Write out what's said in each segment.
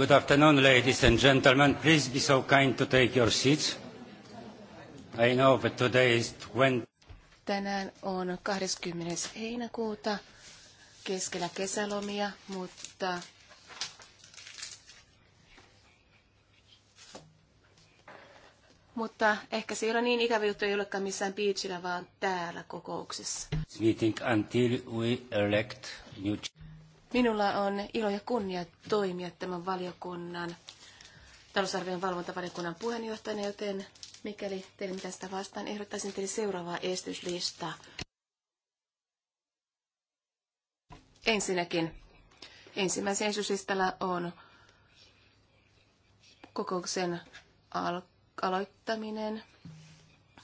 Good afternoon, ladies and gentlemen. Please be so kind to take your seats. I know that today is Tänään on 20. heinäkuuta keskellä kesälomia, mutta Mutta ehkä se ei ole niin ikävä juttu, ei olekaan missään beachillä, vaan täällä kokouksessa. Meeting until we elect new... Minulla on ilo ja kunnia toimia tämän valiokunnan, talousarvion valvontavaliokunnan puheenjohtajana, joten mikäli teille mitä sitä vastaan, ehdottaisin teille seuraavaa estyslistaa. Ensinnäkin, ensimmäisen esityslistalla on kokouksen al- aloittaminen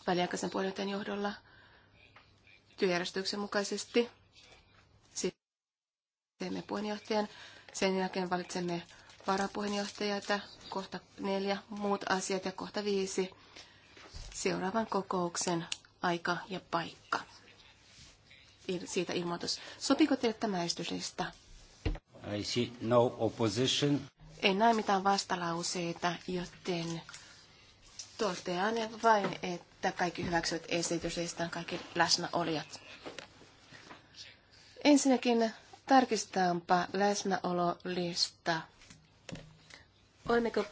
väliaikaisen puheenjohtajan johdolla työjärjestyksen mukaisesti teemme puheenjohtajan. Sen jälkeen valitsemme varapuheenjohtajat, kohta neljä muut asiat ja kohta viisi seuraavan kokouksen aika ja paikka. Siitä ilmoitus. Sopiko teille tämä esityslista? I see no opposition. En näe mitään vastalauseita, joten totean vain, että kaikki hyväksyvät esityslistan, kaikki läsnäolijat. Ensinnäkin Tarkistaanpa läsnäololista. Olemmeko,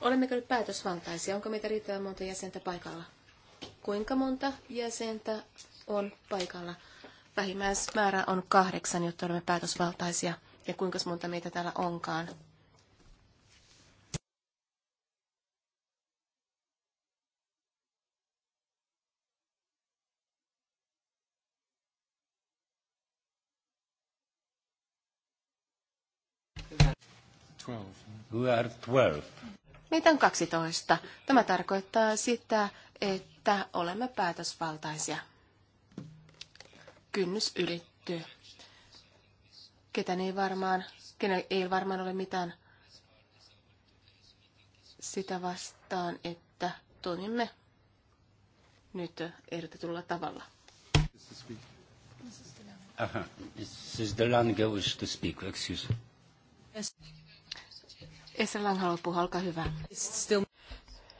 olemmeko nyt päätösvaltaisia? Onko meitä riittävän monta jäsentä paikalla? Kuinka monta jäsentä on paikalla? Vähimmäismäärä on kahdeksan, jotta olemme päätösvaltaisia. Ja kuinka monta meitä täällä onkaan? are 12. Meitä on 12. Tämä tarkoittaa sitä, että olemme päätösvaltaisia. Kynnys ylittyy. Ketään ei varmaan, kenen ei varmaan ole mitään sitä vastaan, että toimimme nyt erotetulla tavalla. Aha, this is the language to speak, excuse. Yes. Esrelän haluaa puhua, olkaa hyvä. Still...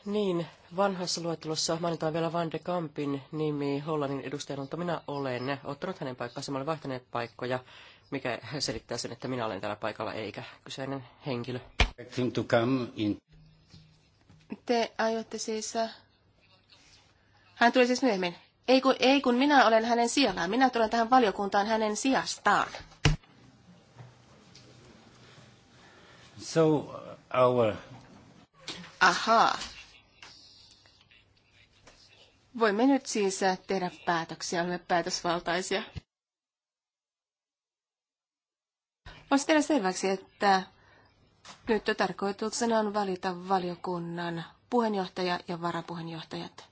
Niin, vanhassa luettelossa mainitaan vielä Van de Kampin nimi Hollannin edustajana. mutta minä olen ottanut hänen paikkaansa, me olemme vaihtaneet paikkoja, mikä selittää sen, että minä olen täällä paikalla eikä kyseinen henkilö. Te aiotte siis... Äh, hän tuli siis myöhemmin. Ei kun, ei kun minä olen hänen sijallaan. Minä tulen tähän valiokuntaan hänen sijastaan. So our... Ahaa. Voimme nyt siis tehdä päätöksiä, olemme päätösvaltaisia. Voisi tehdä selväksi, että nyt tarkoituksena on valita valiokunnan puheenjohtaja ja varapuheenjohtajat.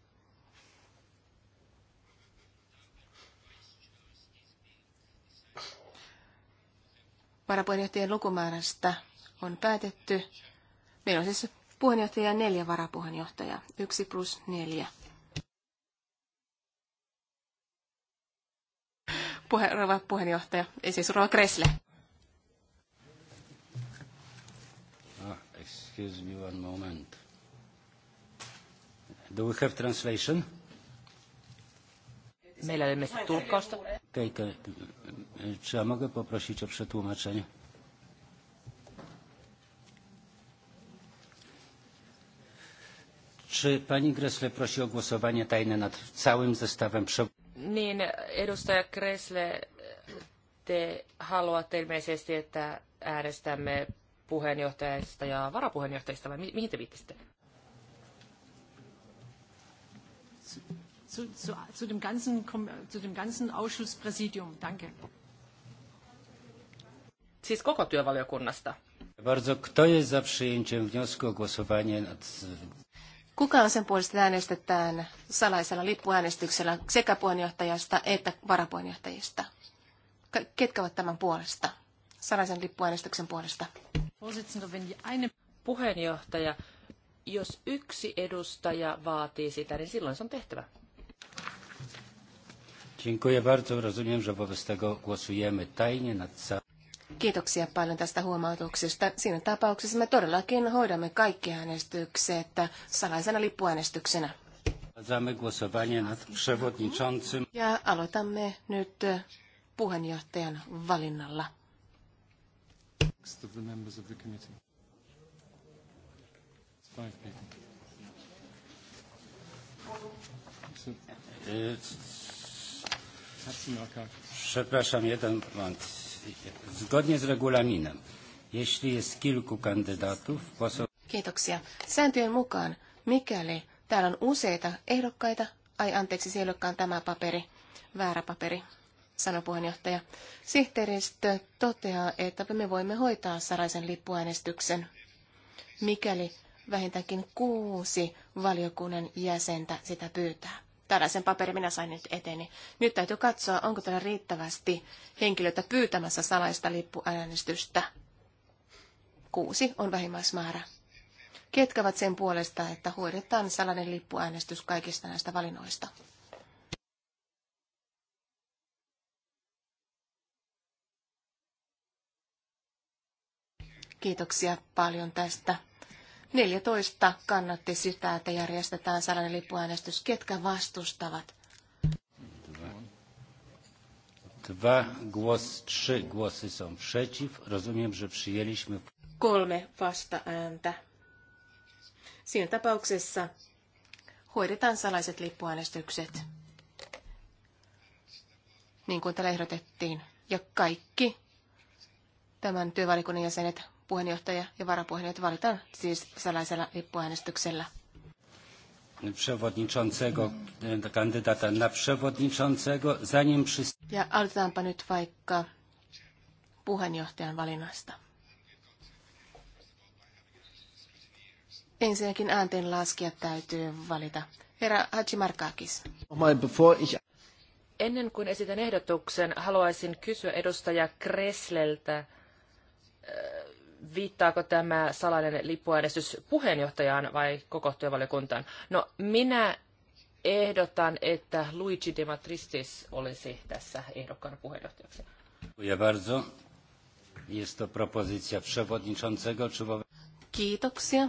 Varapuheenjohtajien lukumäärästä on päätetty. Meillä on siis puheenjohtaja ja neljä varapuheenjohtajaa. Yksi plus neljä. Puhe, rouva puheenjohtaja, ei siis rouva Kresle. Ah, excuse me one moment. Do we have translation? Meillä ei ole tulkkausta. Kejka, czy ja mogę poprosić o przetłumaczenie? Czy pani Gressle prosi o głosowanie tajne nad całym zestawem Niin, edustaja Gressle, te haluatte ilmeisesti, että äänestämme puheenjohtajista ja varapuheenjohtajista, vai mihin te viittasitte? Zu, zu, zu, dem ganzen, zu dem ganzen Ausschusspräsidium. Danke. Siis koko työvaliokunnasta. Bardzo. Kto jest za przyjęciem wniosku o głosowanie nad Kuka on sen puolesta äänestetään salaisella lippuäänestyksellä sekä puheenjohtajasta että varapuheenjohtajista? Ketkä ovat tämän puolesta? Salaisen lippuäänestyksen puolesta. Puheenjohtaja, jos yksi edustaja vaatii sitä, niin silloin se on tehtävä. Dziękuję bardzo. Rozumiem, że wobec tego głosujemy tajnie nad Kiitoksia paljon tästä huomautuksesta. Siinä tapauksessa me todellakin hoidamme kaikki äänestykset salaisena lippuäänestyksenä. Ja aloitamme nyt puheenjohtajan valinnalla. Przepraszam, jeden moment. Zgodnie z regulaminem, jeśli jest kilku kandydatów, poseł... Kiitoksia. Sääntöjen mukaan, mikäli täällä on useita ehdokkaita, ai anteeksi, siellä olekaan tämä paperi, väärä paperi, sanoi puheenjohtaja. Sihteeristö toteaa, että me voimme hoitaa Saraisen lippuäänestyksen, mikäli vähintäänkin kuusi valiokunnan jäsentä sitä pyytää. Tällaisen paperin minä sain nyt eteeni. Nyt täytyy katsoa, onko täällä riittävästi henkilöitä pyytämässä salaista lippuäänestystä. Kuusi on vähimmäismäärä. Ketkä ovat sen puolesta, että hoidetaan salainen lippuäänestys kaikista näistä valinnoista? Kiitoksia paljon tästä 14 kannatti sitä, että järjestetään salainen lippuäänestys. Ketkä vastustavat? Dwa głos, trzy głosy są przeciw. Rozumiem, że przyjęliśmy... Kolme ääntä. Siinä tapauksessa hoidetaan salaiset lippuäänestykset, niin kuin täällä ehdotettiin. Ja kaikki tämän työvalikunnan jäsenet puheenjohtaja ja varapuheenjohtaja valitaan siis salaisella lippuäänestyksellä. E, ja aloitetaanpa nyt vaikka puheenjohtajan valinnasta. Ensinnäkin äänten laskija täytyy valita. Herra Hachimarkakis. Ennen kuin esitän ehdotuksen, haluaisin kysyä edustaja Kresleltä viittaako tämä salainen lippuäänestys puheenjohtajaan vai koko työvaliokuntaan? No, minä ehdotan, että Luigi de Matristis olisi tässä ehdokkaana puheenjohtajaksi. Kiitoksia.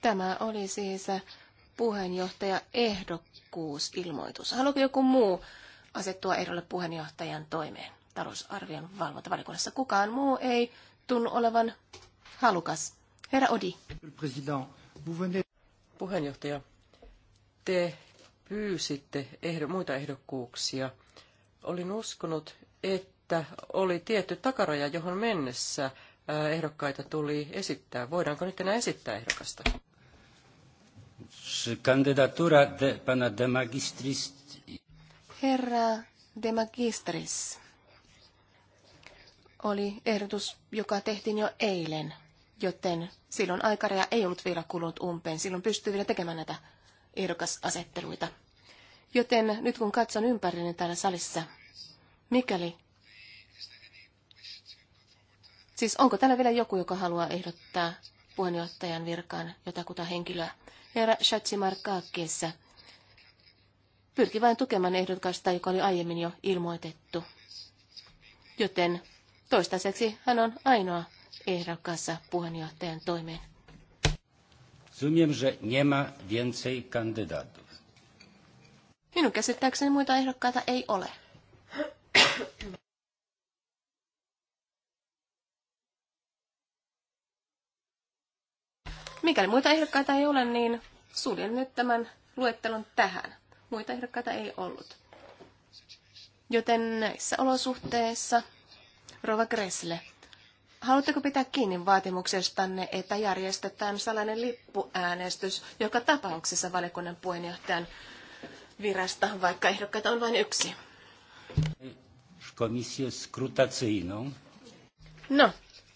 Tämä oli siis ehdokkuusilmoitus. Haluaako joku muu asettua ehdolle puheenjohtajan toimeen? Talousarvion valvontavalikunnassa kukaan muu ei, tunnu olevan halukas. Herra Odi. Puheenjohtaja, te pyysitte ehdo, muita ehdokkuuksia. Olin uskonut, että oli tietty takaraja, johon mennessä ehdokkaita tuli esittää. Voidaanko nyt enää esittää ehdokasta? Herra de magistris oli ehdotus, joka tehtiin jo eilen, joten silloin aikaraja ei ollut vielä kulunut umpeen. Silloin pystyy vielä tekemään näitä ehdokasasetteluita. Joten nyt kun katson ympärilleni täällä salissa, mikäli... Siis onko täällä vielä joku, joka haluaa ehdottaa puheenjohtajan virkaan jotakuta henkilöä? Herra Kaakkeessa pyrki vain tukemaan ehdokasta, joka oli aiemmin jo ilmoitettu. Joten Toistaiseksi hän on ainoa ehdokkaassa puheenjohtajan toimeen. Rozumiem, że nie ma więcej kandydatów. Minun käsittääkseni muita ehdokkaita ei ole. Mikäli muita ehdokkaita ei ole, niin suljen nyt tämän luettelon tähän. Muita ehdokkaita ei ollut. Joten näissä olosuhteissa Rova Gressle, haluatteko pitää kiinni vaatimuksestanne, että järjestetään sellainen lippuäänestys joka tapauksessa valiokunnan puheenjohtajan virasta, vaikka ehdokkaita on vain yksi? No,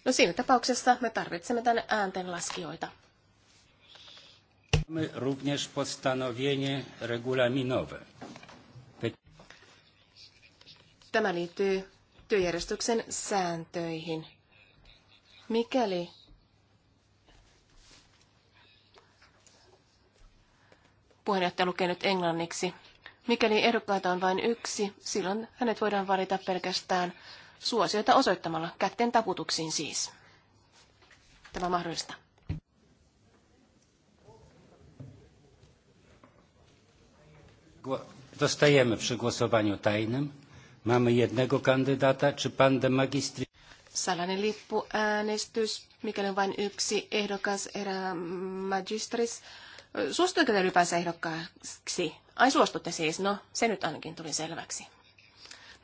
no siinä tapauksessa me tarvitsemme tänne äänten laskijoita. Tämä liittyy työjärjestyksen sääntöihin. Mikäli puheenjohtaja lukee nyt englanniksi. Mikäli ehdokkaita on vain yksi, silloin hänet voidaan valita pelkästään suosioita osoittamalla kätten taputuksiin siis. Tämä mahdollista. Dostajemy przy głosowaniu tajnym Mamy jednego kandydata, czy pan de magistri... Salainen lippuäänestys, mikäli on vain yksi ehdokas, erä magistris. Suostuiko te ylipäänsä ehdokkaaksi? Ai suostutte siis, no se nyt ainakin tuli selväksi.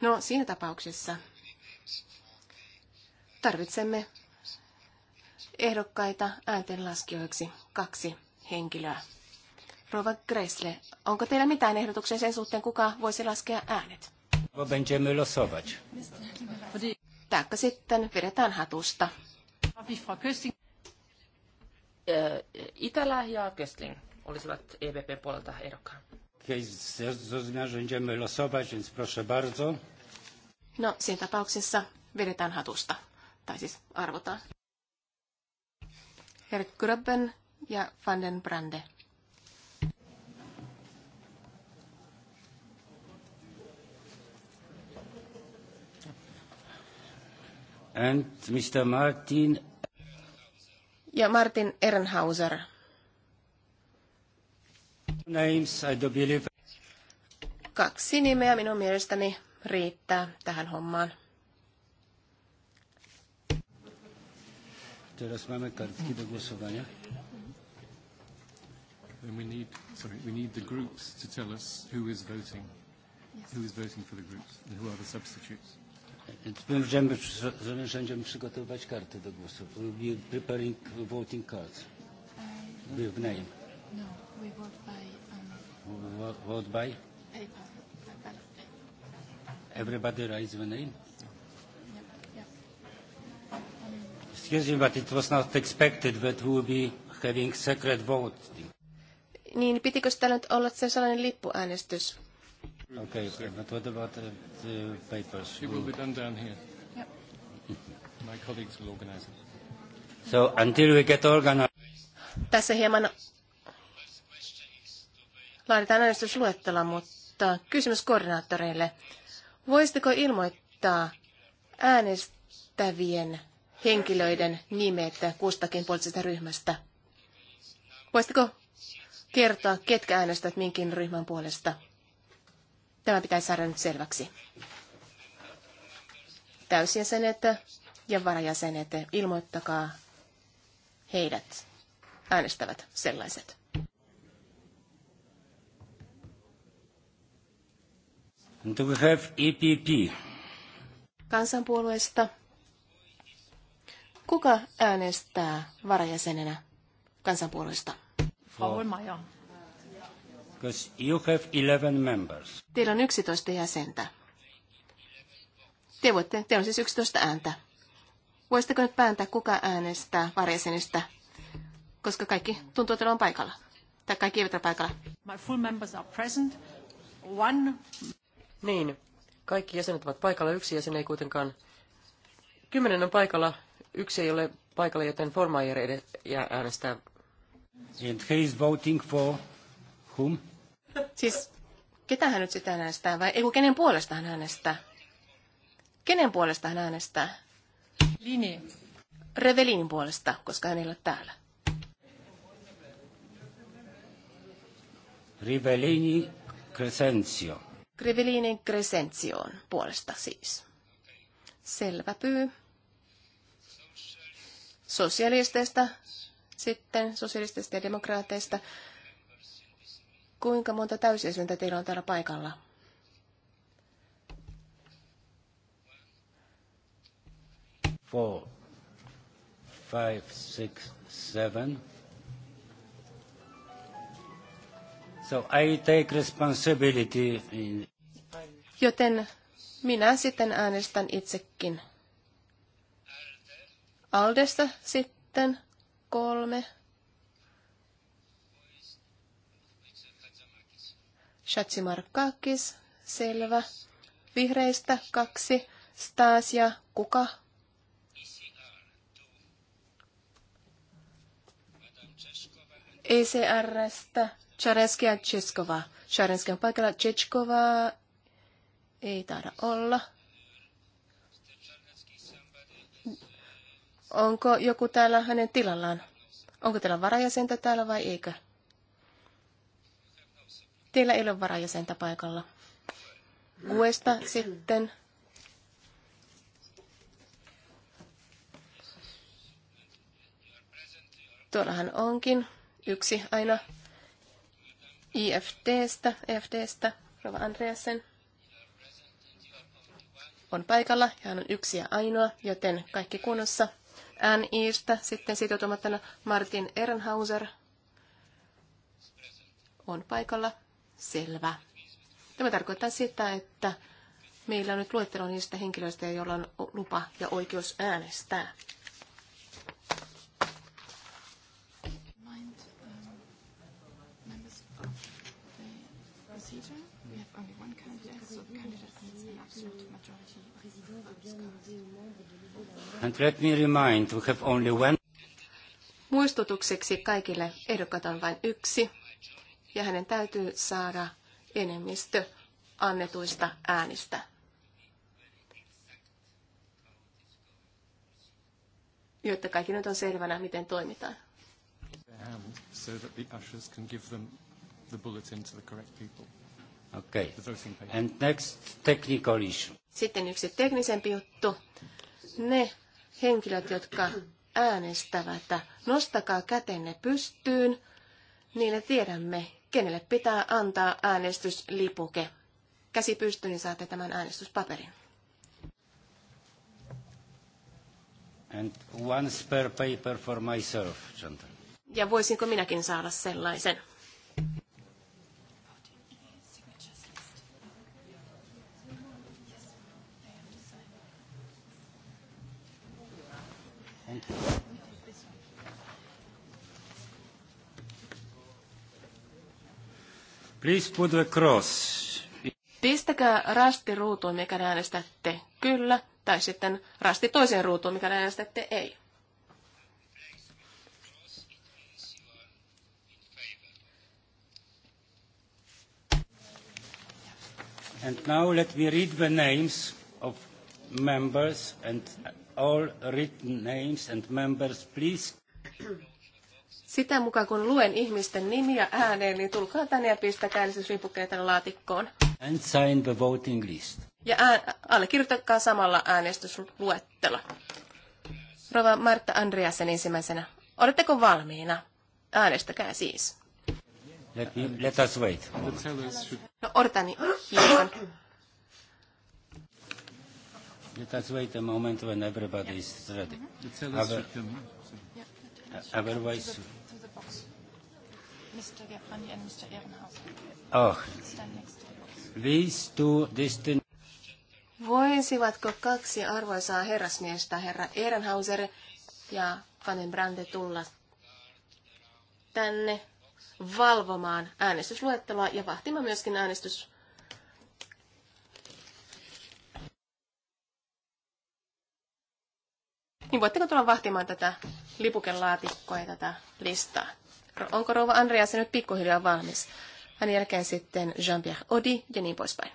No siinä tapauksessa tarvitsemme ehdokkaita ääntenlaskijoiksi kaksi henkilöä. Rova Gressle, onko teillä mitään ehdotuksia sen suhteen, kuka voisi laskea äänet? Bo będziemy losować. Taikka sitten vedetään hatusta. E, Itälä ja Köstling olisivat EVPn puolelta ehdokkaan. Okei, zrozumiałem, że będziemy losować, więc proszę bardzo. No, siinä tapauksessa vedetään hatusta, tai siis arvotaan. Herr Gröbben ja Van den Brande. and Mr. Martin. Ja Martin Ehrenhauser. Names, I do believe. Kaksi nimeä minun mielestäni riittää tähän hommaan. Teraz mamy kartki do głosowania. we need, sorry, we need the groups to tell us who is voting, who is voting for the groups and who are the substitutes. Będziemy, będziemy przygotowywać karty do głosu. We'll be preparing voting cards. Uh, With name. No, we vote by... Um, vote, vote by? Paper. Everybody writes the name? Excuse me, but it was not expected that we will be having secret voting. Niin, pitikö sitä nyt olla se sellainen lippuäänestys? Okay, okay, but what about the, the papers? It will be done down here. Yep. My colleagues will organize it. So until we get organized... Tässä hieman laaditaan äänestysluettelo, mutta kysymys koordinaattoreille. Voisitteko ilmoittaa äänestävien henkilöiden nimet kustakin poliittisesta ryhmästä? Voisitteko kertoa, ketkä äänestävät minkin ryhmän puolesta? Tämä pitäisi saada nyt selväksi. Täysjäsenet ja varajäsenet, ilmoittakaa heidät äänestävät sellaiset. Do we have EPP? Kansanpuolueesta. Kuka äänestää varajäsenenä kansanpuolueesta? Frau Holmeier you have 11 members. Teillä on 11 jäsentä. Te voitte, te on siis 11 ääntä. Voisitteko nyt pääntää, kuka äänestää varjäsenistä, koska kaikki tuntuu, että on paikalla. Tai kaikki eivät ole paikalla. My full members are present. One... Niin, kaikki jäsenet ovat paikalla, yksi jäsen ei kuitenkaan. Kymmenen on paikalla, yksi ei ole paikalla, joten Formayer äänestää. And he is voting for whom? Siis ketä hän nyt sitten äänestää vai ei kenen puolesta hän äänestää? Kenen puolesta hän äänestää? Lini. Revelinin puolesta, koska hän ei ole täällä. Rivellini Crescenzio. Rivellinin Crescenzioon puolesta siis. Selvä pyy. Sosialisteista sitten, sosialisteista ja demokraateista. Kuinka monta täysjäsentä teillä on täällä paikalla? Four, five, six, seven. So I take responsibility. Joten minä sitten äänestän itsekin. Aldesta sitten kolme, Shatsimarkakis, selvä. Vihreistä kaksi. Stasia, kuka? ECRstä Chareski ja Cheskova. Chareski on paikalla. Cheskova ei taida olla. Onko joku täällä hänen tilallaan? Onko teillä varajäsentä täällä vai eikö? Teillä ei ole varajäsentä paikalla. Guesta sitten. Tuollahan onkin yksi aina IFDstä, FDstä, Rova Andreasen on paikalla ja hän on yksi ja ainoa, joten kaikki kunnossa. NIstä sitten sitoutumattana Martin Ehrenhauser on paikalla selvä. Tämä tarkoittaa sitä, että meillä on nyt luettelo niistä henkilöistä, joilla on lupa ja oikeus äänestää. Um, And let me remind, we have only one... Muistutukseksi kaikille ehdokkaat on vain yksi ja hänen täytyy saada enemmistö annetuista äänistä. Jotta kaikki nyt on selvänä, miten toimitaan. Um, okay. And next technical issue. Sitten yksi teknisempi juttu. Ne henkilöt, jotka äänestävät, nostakaa kätenne pystyyn, niille tiedämme, kenelle pitää antaa äänestyslipuke. Käsi pystyyn niin saatte tämän äänestyspaperin. And one spare paper for myself, Ja voisinko minäkin saada sellaisen? And Please put the cross. Pistäkää rasti ruutuun, mikä äänestätte kyllä, tai sitten rasti toiseen ruutuun, mikä äänestätte ei. And now let me read the names of members and all written names and members, please. Sitä mukaan kun luen ihmisten nimiä ääneen, niin tulkaa tänne ja pistäkää äänestysvipukkeja tänne laatikkoon. And sign the voting list. Ja ään, allekirjoittakaa samalla äänestysluettelo. Rova Martta Andreasen ensimmäisenä. Oletteko valmiina? Äänestäkää siis. Let, me, let us wait. No odotani niin hiukan. Let us wait a moment when everybody is ready. Otherwise... Mr. Gebrandi and Mr. Ehrenhausen. Oh. These two Voisivatko kaksi arvoisaa herrasmiestä, herra Ehrenhauser ja Fanny Brande, tulla tänne valvomaan äänestysluetteloa ja vahtimaan myöskin äänestys niin voitteko tulla vahtimaan tätä lipukelaatikkoa ja tätä listaa? Onko rouva se nyt pikkuhiljaa valmis? Hän jälkeen sitten Jean-Pierre Odi ja niin poispäin.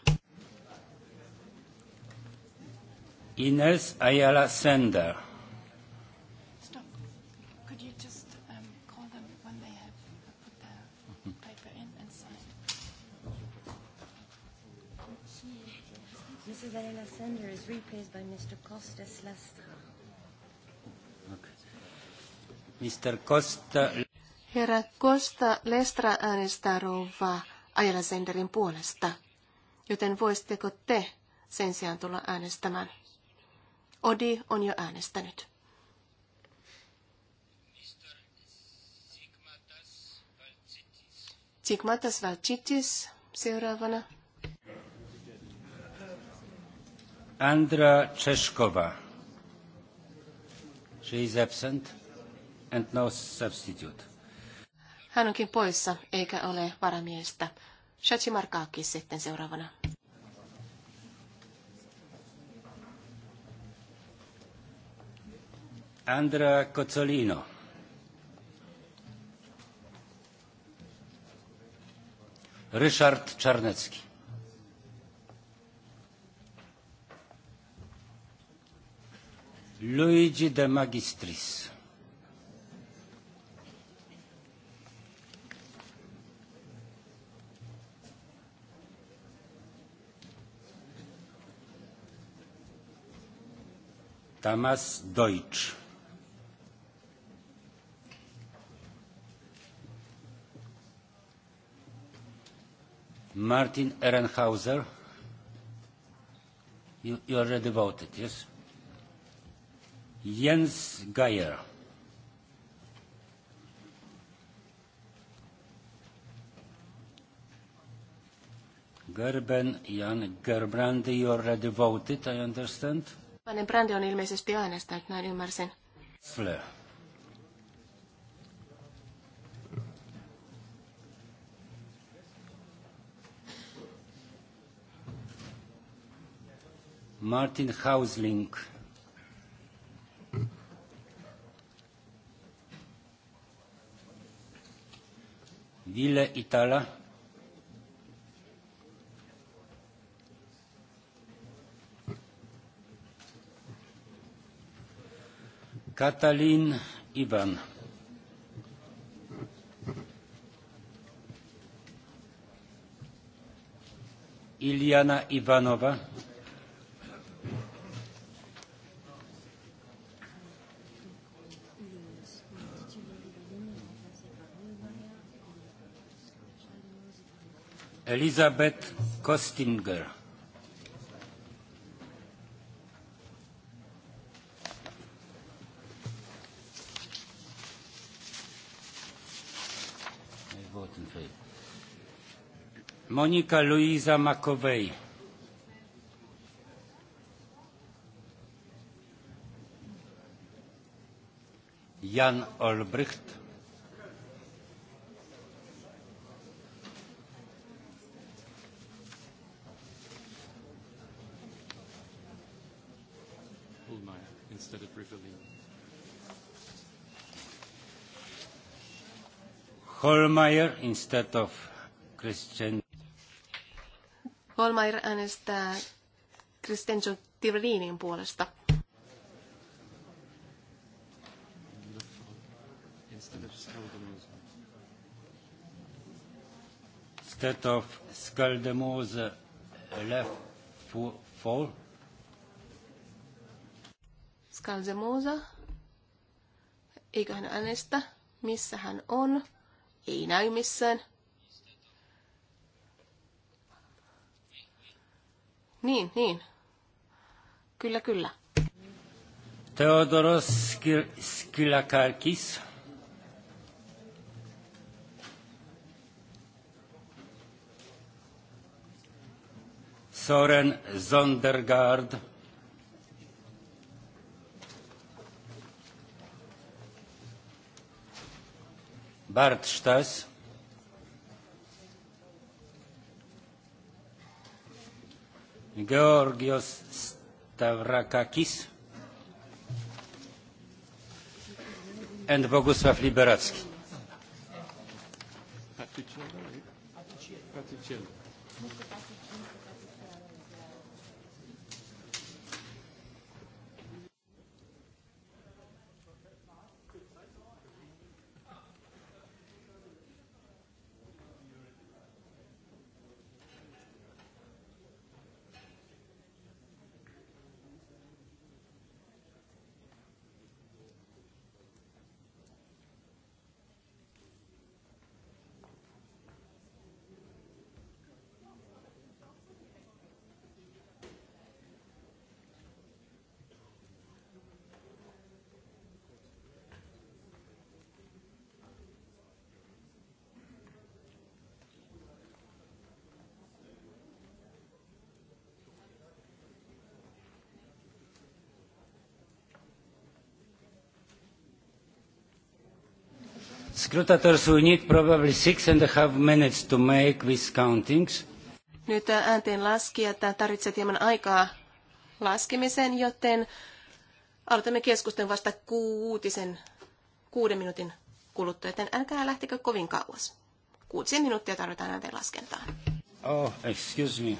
Ines Ayala Sender. Mrs. Um, Ayala Sender is replaced by Mr. Mr. Costa Herra Kosta Lestra äänestää rouvaa Ajala Senderin puolesta, joten voisitteko te sen sijaan tulla äänestämään? Odi on jo äänestänyt. Sigmatas Valcitis seuraavana. Andra Czeszkova. She is absent and no substitute. Hän onkin poissa, eikä ole varamiestä. Shachi Markaakis sitten seuraavana. Andrea Cozzolino. Ryszard Czarnecki. Luigi de Magistris. Tamas Deutsch. Martin Ehrenhauser. You, you already voted, yes? Jens Geier. Gerben Jan Gerbrandi, you already voted, I understand. Vanen brändi on ilmeisesti äänestänyt, näin ymmärsin. Fleur. Martin Hausling. Ville Itala. Katalin Ivan. Iliana Ivanova. Elizabeth Kostinger. Monika Luisa Makowej. Jan Olbrycht. instead of Holmeyer instead of Christian. Holmair äänestää Cristenzo Tivrinin puolesta. Instead of Skaldemose left for Skaldemosa. Eikö hän äänestä? Missä hän on? Ei näy missään. Niin, niin. Kyllä, kyllä. Teodoros Skylakarkis. Soren Zondergaard. Bart Stas. Georgios Stavrakakis and Bogusław Liberacki. Scrutators, we need probably six and a half minutes to make these countings. Nyt äänteen laskijat tarvitset hieman aikaa laskemiseen, joten aloitamme keskustelun vasta kuutisen, kuuden minuutin kuluttua, joten älkää lähtikö kovin kauas. Kuutisen minuuttia tarvitaan äänteen laskentaan. Oh, excuse me.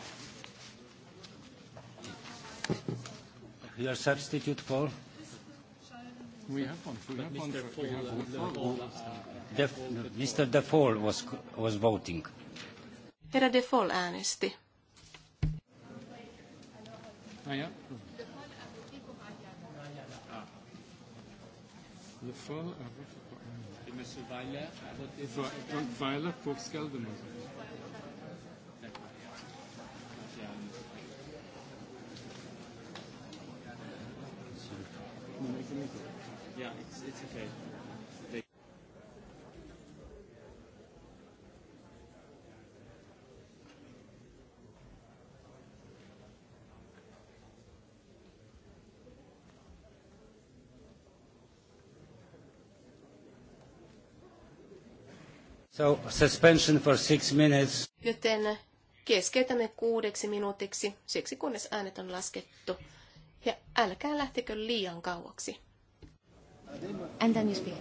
Your substitute, Paul? We have one. We have one. Mr. De was, voting. Herra De Fall äänesti. Ah, ja. Weiler Yeah, it's, it's okay. So, suspension for six minutes. Joten keskeytämme kuudeksi minuutiksi, siksi kunnes äänet on laskettu. Ja älkää lähtekö liian kauaksi. And then you speak.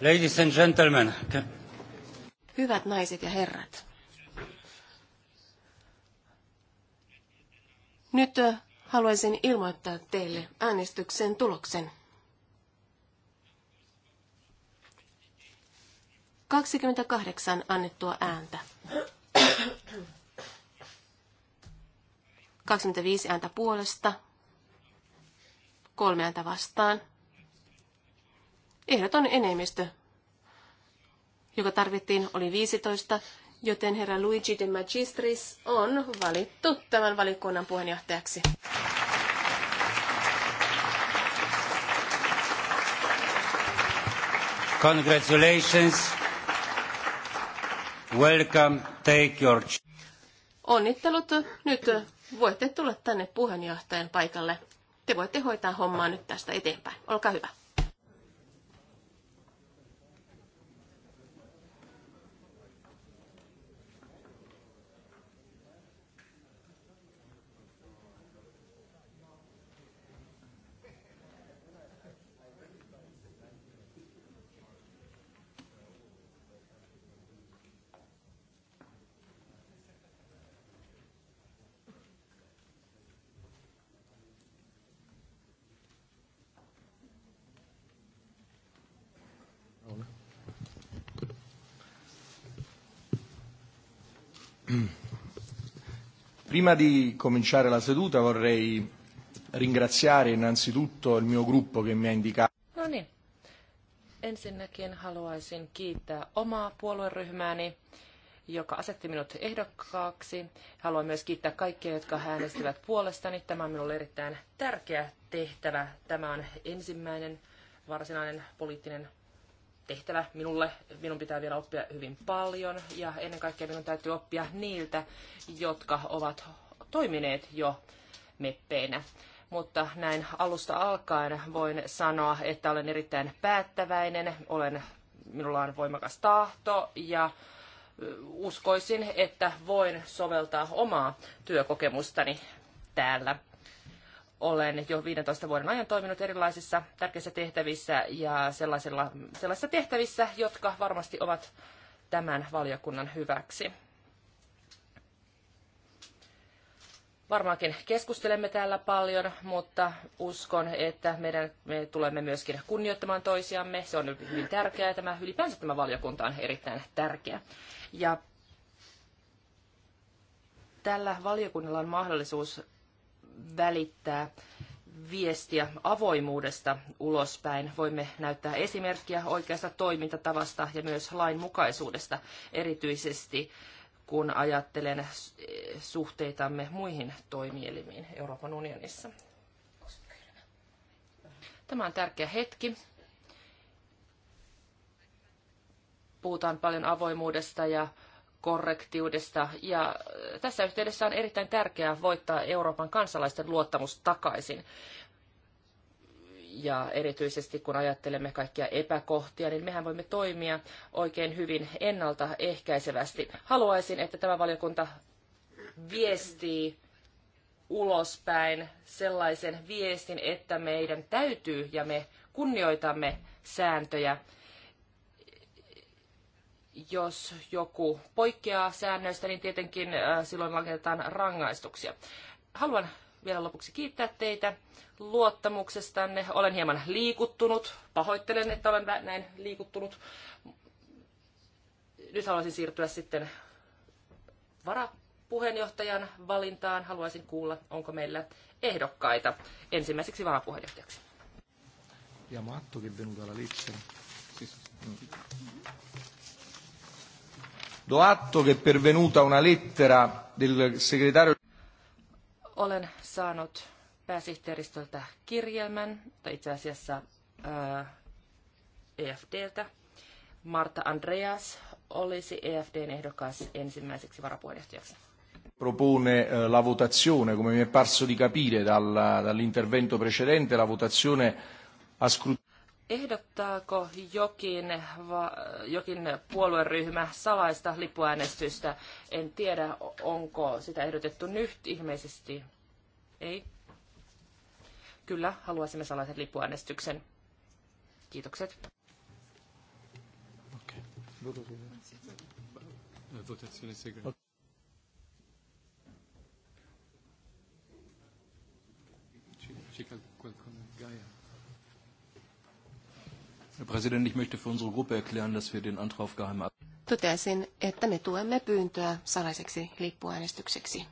Ladies and gentlemen. Hyvät naiset ja herrat. Nyt haluaisin ilmoittaa teille äänestyksen tuloksen. 28 annettua ääntä. 25 ääntä puolesta, kolme ääntä vastaan, Ehdoton enemmistö, joka tarvittiin, oli 15, joten herra Luigi de Magistris on valittu tämän valikunnan puheenjohtajaksi. Congratulations. Welcome. Take your... Onnittelut. Nyt voitte tulla tänne puheenjohtajan paikalle. Te voitte hoitaa hommaa nyt tästä eteenpäin. Olkaa hyvä. Prima di cominciare la seduta vorrei ringraziare innanzitutto il mio gruppo che mi ha indicato. No niin. Ensinnäkin haluaisin kiittää omaa puolueryhmääni, joka asetti minut ehdokkaaksi. Haluan myös kiittää kaikkia, jotka äänestivät puolestani. Tämä on minulle erittäin tärkeä tehtävä. Tämä on ensimmäinen varsinainen poliittinen tehtävä minulle. Minun pitää vielä oppia hyvin paljon ja ennen kaikkea minun täytyy oppia niiltä, jotka ovat toimineet jo meppeinä. Mutta näin alusta alkaen voin sanoa, että olen erittäin päättäväinen, olen, minulla on voimakas tahto ja uskoisin, että voin soveltaa omaa työkokemustani täällä olen jo 15 vuoden ajan toiminut erilaisissa tärkeissä tehtävissä ja sellaisilla, sellaisissa tehtävissä, jotka varmasti ovat tämän valiokunnan hyväksi. Varmaankin keskustelemme täällä paljon, mutta uskon, että meidän, me tulemme myöskin kunnioittamaan toisiamme. Se on hyvin tärkeää. Tämä, ylipäänsä tämä valiokunta on erittäin tärkeä. Ja tällä valiokunnalla on mahdollisuus välittää viestiä avoimuudesta ulospäin. Voimme näyttää esimerkkiä oikeasta toimintatavasta ja myös lainmukaisuudesta, erityisesti kun ajattelen suhteitamme muihin toimielimiin Euroopan unionissa. Tämä on tärkeä hetki. Puhutaan paljon avoimuudesta ja korrektiudesta. Ja äh, tässä yhteydessä on erittäin tärkeää voittaa Euroopan kansalaisten luottamus takaisin. Ja erityisesti kun ajattelemme kaikkia epäkohtia, niin mehän voimme toimia oikein hyvin ennaltaehkäisevästi. Haluaisin, että tämä valiokunta viestii ulospäin sellaisen viestin, että meidän täytyy ja me kunnioitamme sääntöjä jos joku poikkeaa säännöistä, niin tietenkin äh, silloin langetetaan rangaistuksia. Haluan vielä lopuksi kiittää teitä luottamuksestanne. Olen hieman liikuttunut. Pahoittelen, että olen näin liikuttunut. Nyt haluaisin siirtyä sitten varapuheenjohtajan valintaan. Haluaisin kuulla, onko meillä ehdokkaita ensimmäiseksi varapuheenjohtajaksi. Ja Matto, che Do atto che è pervenuta una lettera del segretario... Olen saanut pääsihteeristöltä kirjelmän, tai itse asiassa äh, EFDltä. Marta Andreas olisi EFDn ehdokas ensimmäiseksi varapuheenjohtajaksi. Propone eh, la votazione, come mi è parso di capire dalla, dall'intervento precedente, la votazione a scrutinio kannattaako jokin, va, jokin puolueryhmä salaista lipuäänestystä. En tiedä, onko sitä ehdotettu nyt ilmeisesti. Ei. Kyllä, haluaisimme salaisen lipuäänestyksen. Kiitokset. Okay. Okay. Herr Präsident, ich möchte für unsere Gruppe erklären, dass wir den Antrag auf geheime Totesin, että me tuemme pyyntöä salaiseksi lippuäänestykseksi.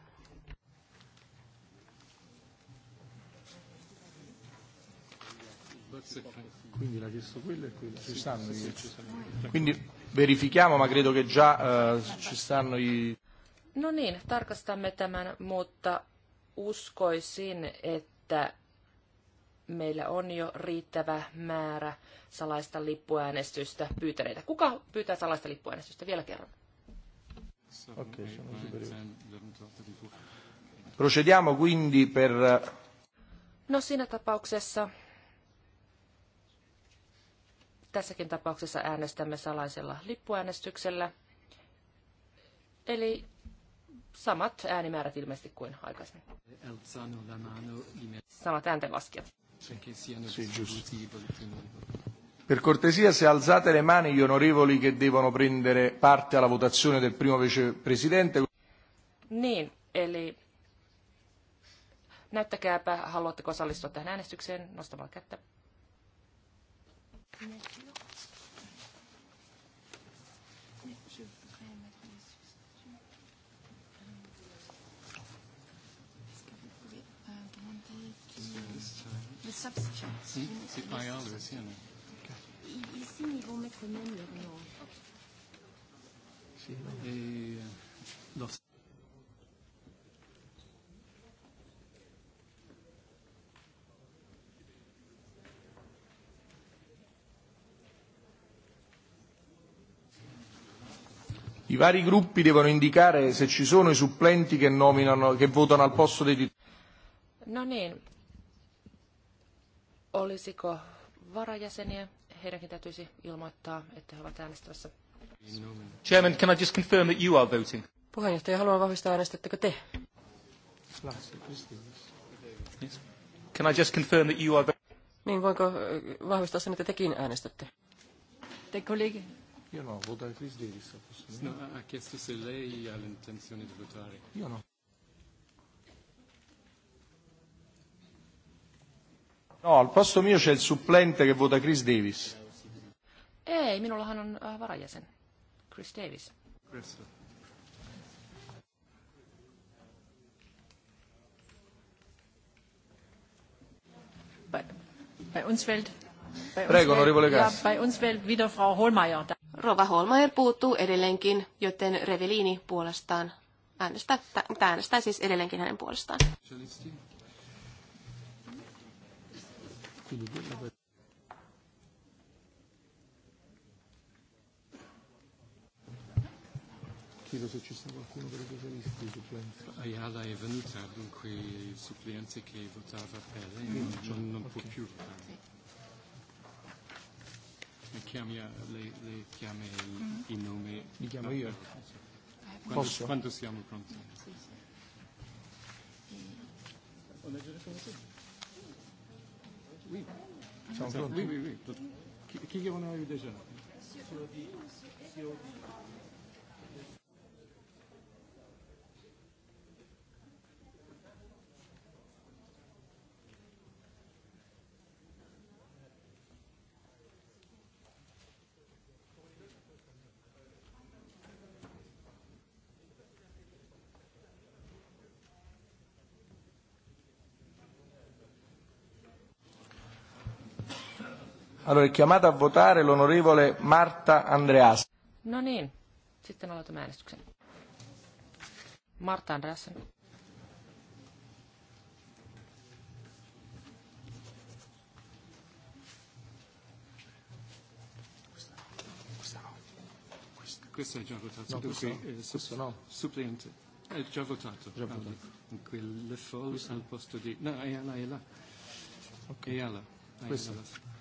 Quindi l'ha chiesto quello e quello. Ci stanno i... Quindi verifichiamo, ma credo che già uh, ci stanno i... No niin, tarkastamme tämän, mutta uskoisin, että meillä on jo riittävä määrä salaista lippuäänestystä pyytäneitä. Kuka pyytää salaista lippuäänestystä vielä kerran? Okay, Procediamo quindi per... Eh, no siinä tapauksessa, tässäkin tapauksessa äänestämme salaisella lippuäänestyksellä. Eli samat äänimäärät ilmeisesti kuin aikaisemmin. Samat ääntenlaskijat sì, giusto. Per cortesia, se alzate le mani gli onorevoli che devono prendere parte alla votazione del primo vicepresidente. Niin, eli näyttäkääpä, haluatteko osallistua tähän äänestykseen nostamalla kättä. Merci. les substitutes. Mmh, c'est pas grave, aussi. Okay. Ici, ils vont mettre même leur nom. Et euh, dans I vari gruppi devono indicare se ci sono i supplenti che, nominano, che votano al posto dei titolari. No niin, Olisiko varajäseniä? Heidänkin täytyisi ilmoittaa, että he ovat äänestämässä. Chairman, can I just confirm that you are voting? Puheenjohtaja, haluan vahvistaa, äänestättekö te? Can I just confirm that you are voting? Niin, voinko äh, vahvistaa sen, että tekin äänestätte? Te kollegi. Io no, votai Chris Davis. No, ha chiesto se lei ha l'intenzione di votare. Io no. No, al posto mio c'è il supplente che vota Chris Davis. Ei, minullahan on äh, varajäsen. Chris Davis. Chris. Bei, bei uns fällt bei Prego, onorevole Gass. Bei uns fällt wieder Frau Holmeier. Rova Holmeier puuttuu edelleenkin, joten Revelini puolestaan äänestää, äänestää siis edelleenkin hänen puolestaan. Socialisti quindi chiedo se ci sta qualcuno per i socialisti supplenti. Ah, Ayala è venuta, dunque il supplente che votava per lei non, non, non okay. può più votare. Mi chiami, lei, lei il, mm. il nome. Mi chiamo io. Quando, Posso? quando siamo pronti. Sì, sì. Oui. Siamo pronti? Oui, oui, oui. Chi, chi aveva eu déjà? COD. COD. Allora, chiamata a votare l'onorevole Marta Andreas. No niin, sitten aloitamme äänestyksen. Marta Andreasen. Questo è già votato, no, questo, dunque eh, questo no. suppliente. È già votato. Già votato. Allora, ah, quelle folle al posto di... No, è là, è là. Okay. È là. È là.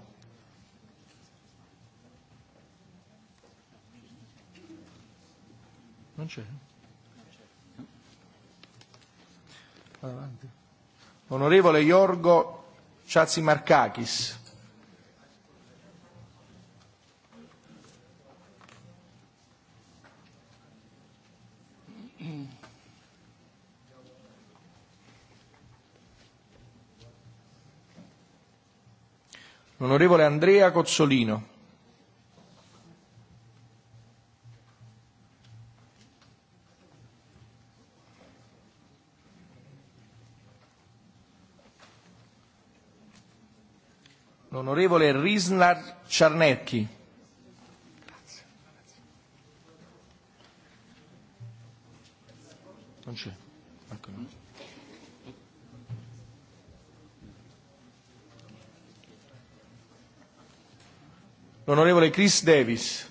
c'è. Onorevole Iorgo Ciazimarcakis. L'onorevole Andrea Cozzolino. Onorevole Risnar Czarnecki. Non c'è. Ecco. No. L'onorevole Chris Davis.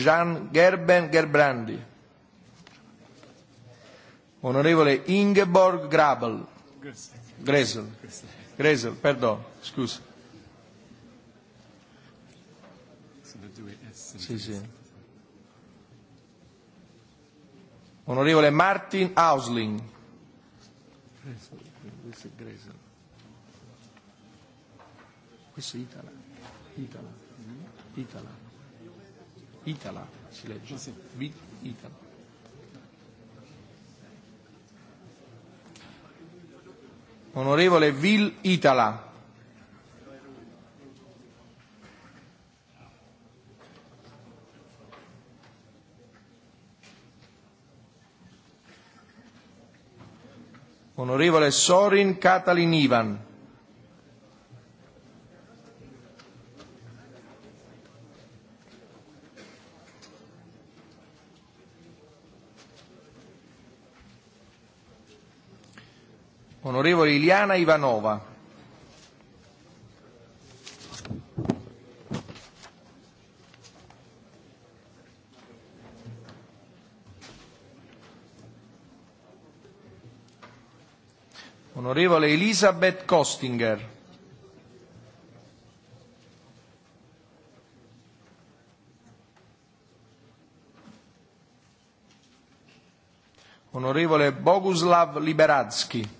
Jean Gerben Gerbrandi. Onorevole Ingeborg Grabel. Gresel. Gresel, perdon, scusa. Sì, sì. Onorevole Martin Ausling. Questo è Italia. Italia. Italia. Itala. Itala. Itala. Itala si legge. Sì. Vit Itala. Onorevole Vil Itala. Onorevole Sorin Katalin Ivan. onorevole Iliana Ivanova. Onorevole Elisabeth Kostinger. Onorevole Boguslav Liberadski.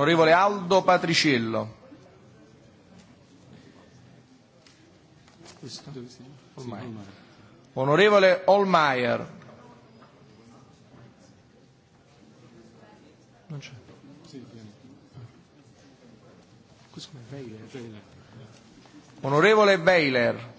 Onorevole Aldo Patriciello. Ormai. Onorevole Olmaier. Non c'è. Onorevole Weiler.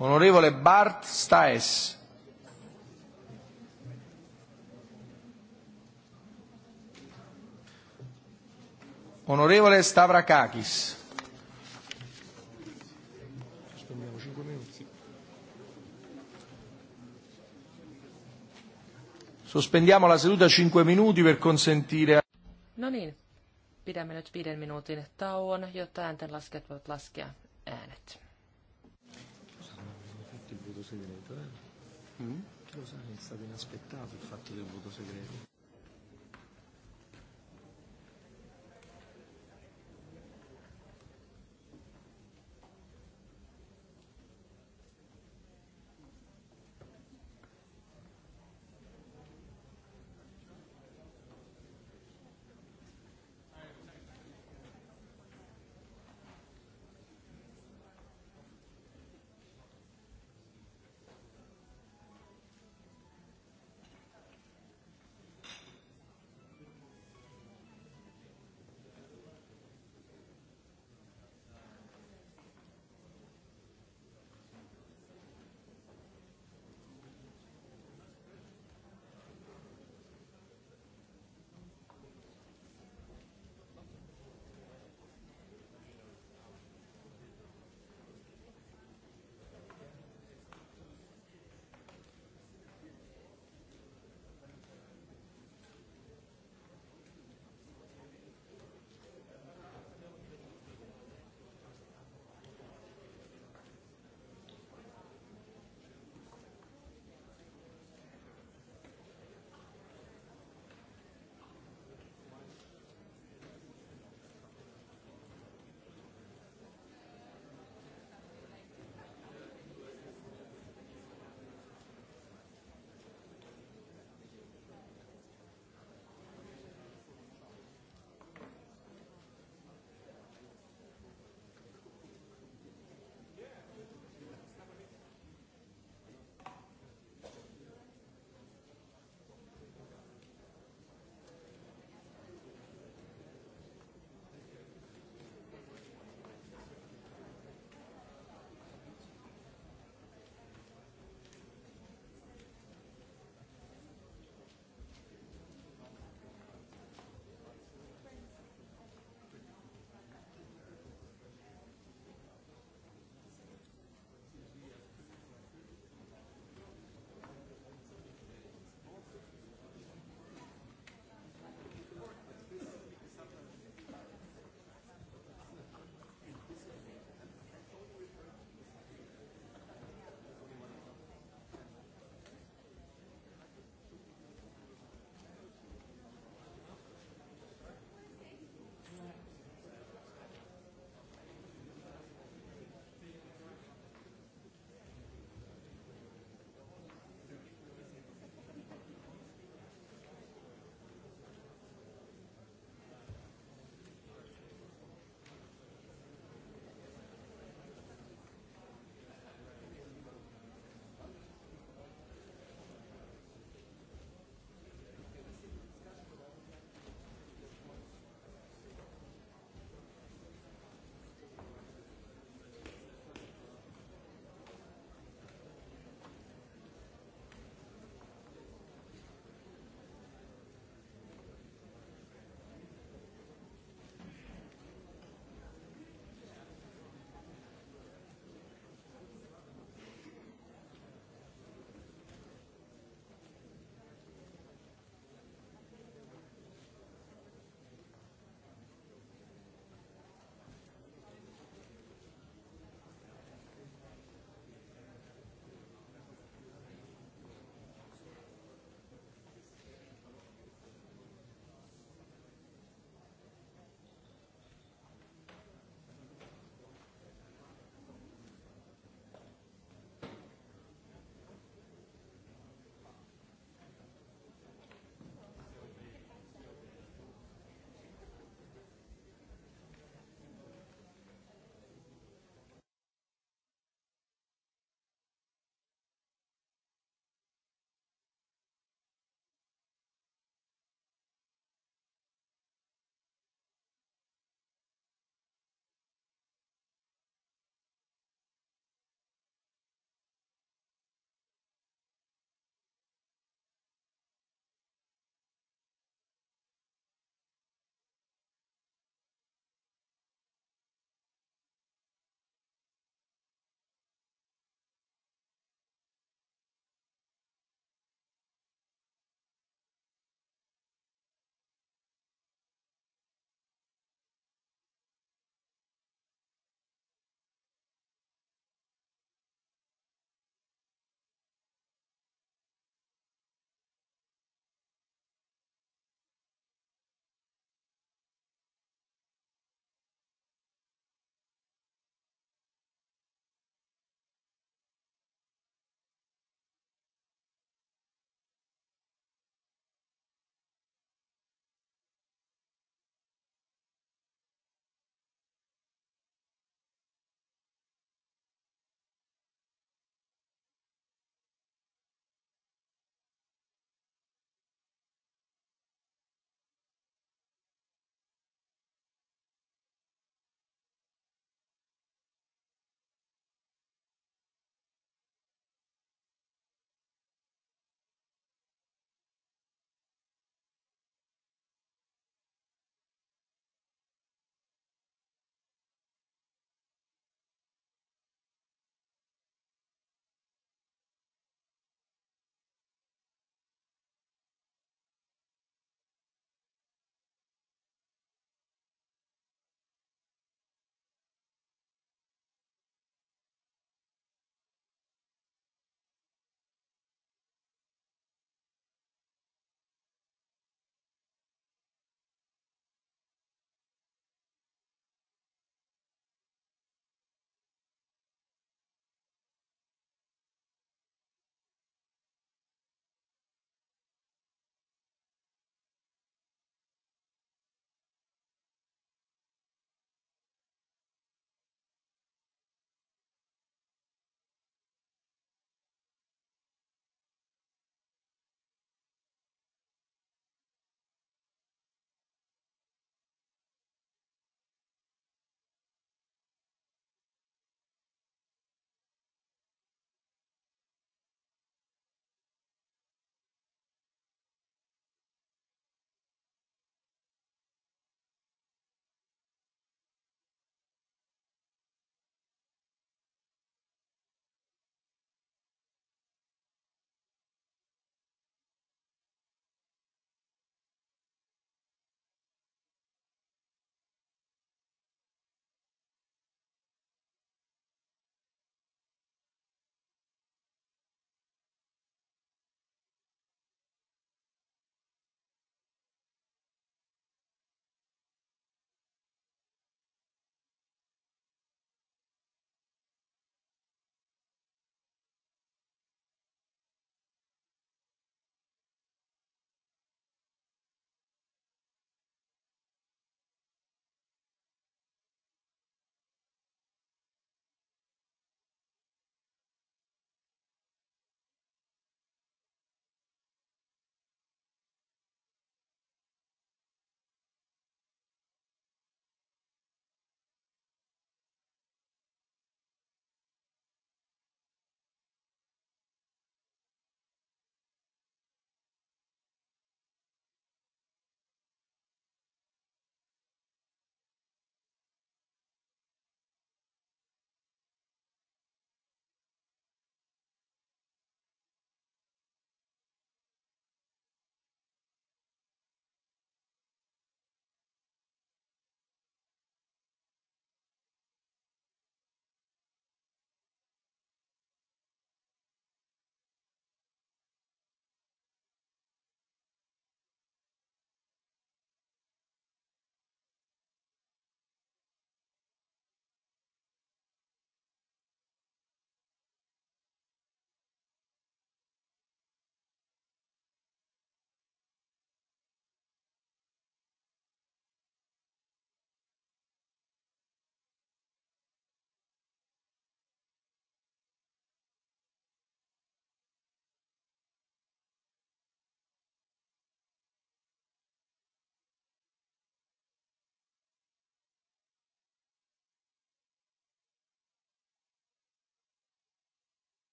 Onorevole Bart Staes. Onorevole Stavrakakis. Sospendiamo la seduta 5 minuti per consentire... No niin, pidämme nyt 5 minuutin tauon, jotta äänten laskijat voivat laskea segreto, eh? Mm? Lo sai, è stato inaspettato il fatto del voto segreto.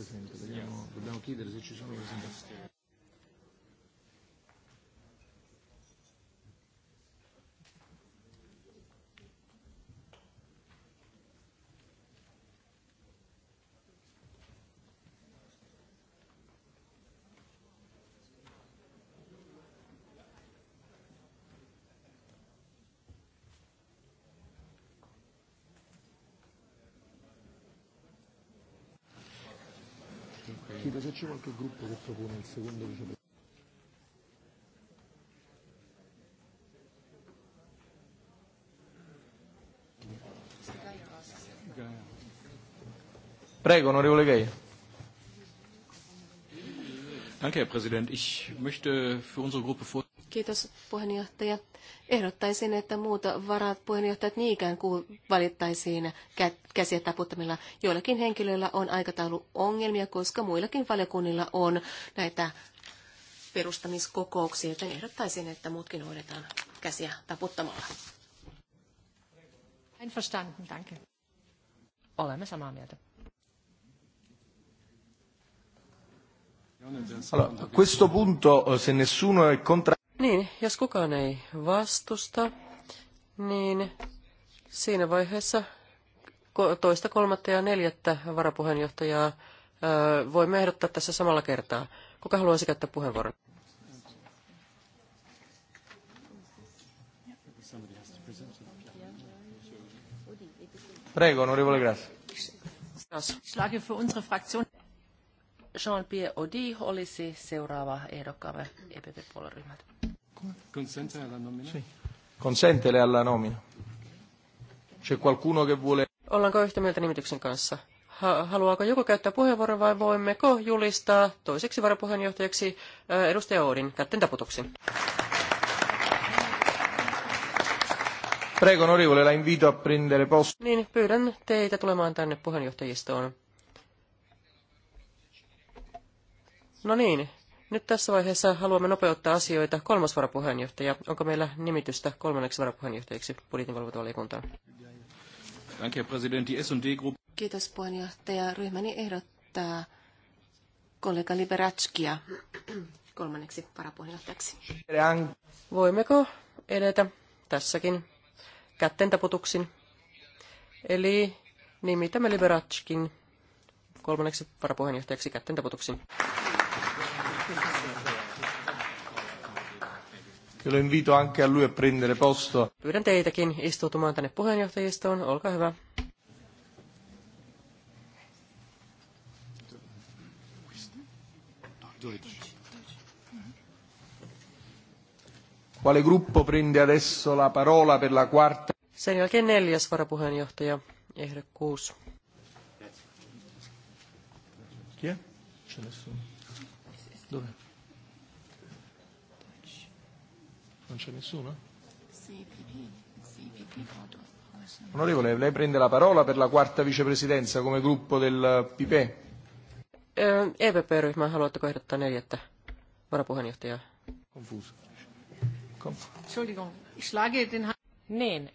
per esempio. Vediamo, dobbiamo chiedere se ci sono presentazioni. Chiedo se c'è qualche gruppo che propone il secondo vicepresidente. Prego, onorevole Gaia. Danke, Herr Präsident. Ich möchte für unsere Gruppe vor Kiitos puheenjohtaja. Ehdottaisin, että muut varat puheenjohtajat niinkään kuin valittaisiin käsiä taputtamilla. Joillakin henkilöillä on aikatauluongelmia, koska muillakin valiokunnilla on näitä perustamiskokouksia, joten ehdottaisin, että muutkin hoidetaan käsiä taputtamalla. Einverstanden, danke. Olemme samaa mieltä. Allora, a questo punto, eh, se nessuno è contrario... Niin, jos kukaan ei vastusta, niin siinä vaiheessa toista, kolmatta ja neljättä varapuheenjohtajaa voimme ehdottaa tässä samalla kertaa. Kuka haluaisi käyttää puheenvuoron? Prego, onorevole Gras. für unsere Fraktion. Jean-Pierre Audi olisi seuraava ehdokkaamme EPP-puolueryhmältä. Consente alla nomina? Sì. Consentele alla nomina. C'è qualcuno che vuole... Ollaanko yhtä mieltä nimityksen kanssa? haluaako joku käyttää puheenvuoron vai voimmeko julistaa toiseksi varapuheenjohtajaksi edustaja Oodin kätten taputuksen? Prego, onorevole, la invito a prendere posto. Niin, pyydän teitä tulemaan tänne puheenjohtajistoon. No niin, nyt tässä vaiheessa haluamme nopeuttaa asioita. Kolmas varapuheenjohtaja, onko meillä nimitystä kolmanneksi varapuheenjohtajaksi budjetinvalvontavaliokuntaan? Kiitos puheenjohtaja. Ryhmäni ehdottaa kollega Liberatskia kolmanneksi varapuheenjohtajaksi. Voimmeko edetä tässäkin kätten taputuksin? Eli nimitämme Liberatskin kolmanneksi varapuheenjohtajaksi kätten taputuksin. Lo invito anche a lui a prendere posto. Pyydän teitäkin istutumaan tänne puheenjohtajistoon. Olkaa hyvä. Quale gruppo prende adesso la parola per la quarta? Sen jälkeen neljäs varapuheenjohtaja, ehdokkuus. Chi è? C'è nessuno. Dove? Non c'è nessuno? No. Onorevole, lei prende la parola per la quarta vicepresidenza come gruppo del PP? EPP-ryhmä, e haluatteko ehdottaa neljättä varapuheenjohtajaa? Confuso. Niin,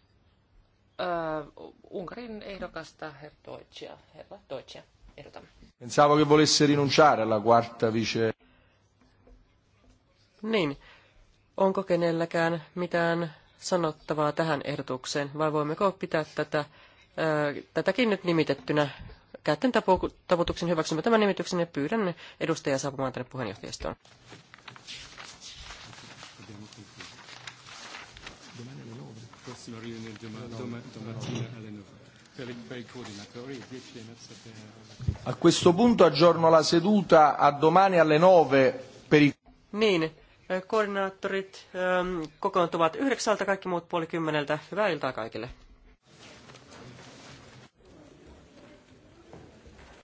uh, Unkarin ehdokasta herr Deutschia, herra Deutschia, ehdotamme. Pensavo che volesse rinunciare alla quarta vice... Niin, onko kenelläkään mitään sanottavaa tähän ehdotukseen, vai voimmeko pitää tätä, ää, tätäkin nyt nimitettynä käytten tavoituksen hyväksymä tämän nimityksen ja pyydän edustajia saapumaan tänne puheenjohtajistoon. A questo punto aggiorno la seduta a domani alle 9 per i... Niin, Koordinaattorit ähm, kokoontuvat yhdeksältä, kaikki muut puoli kymmeneltä. Hyvää iltaa kaikille.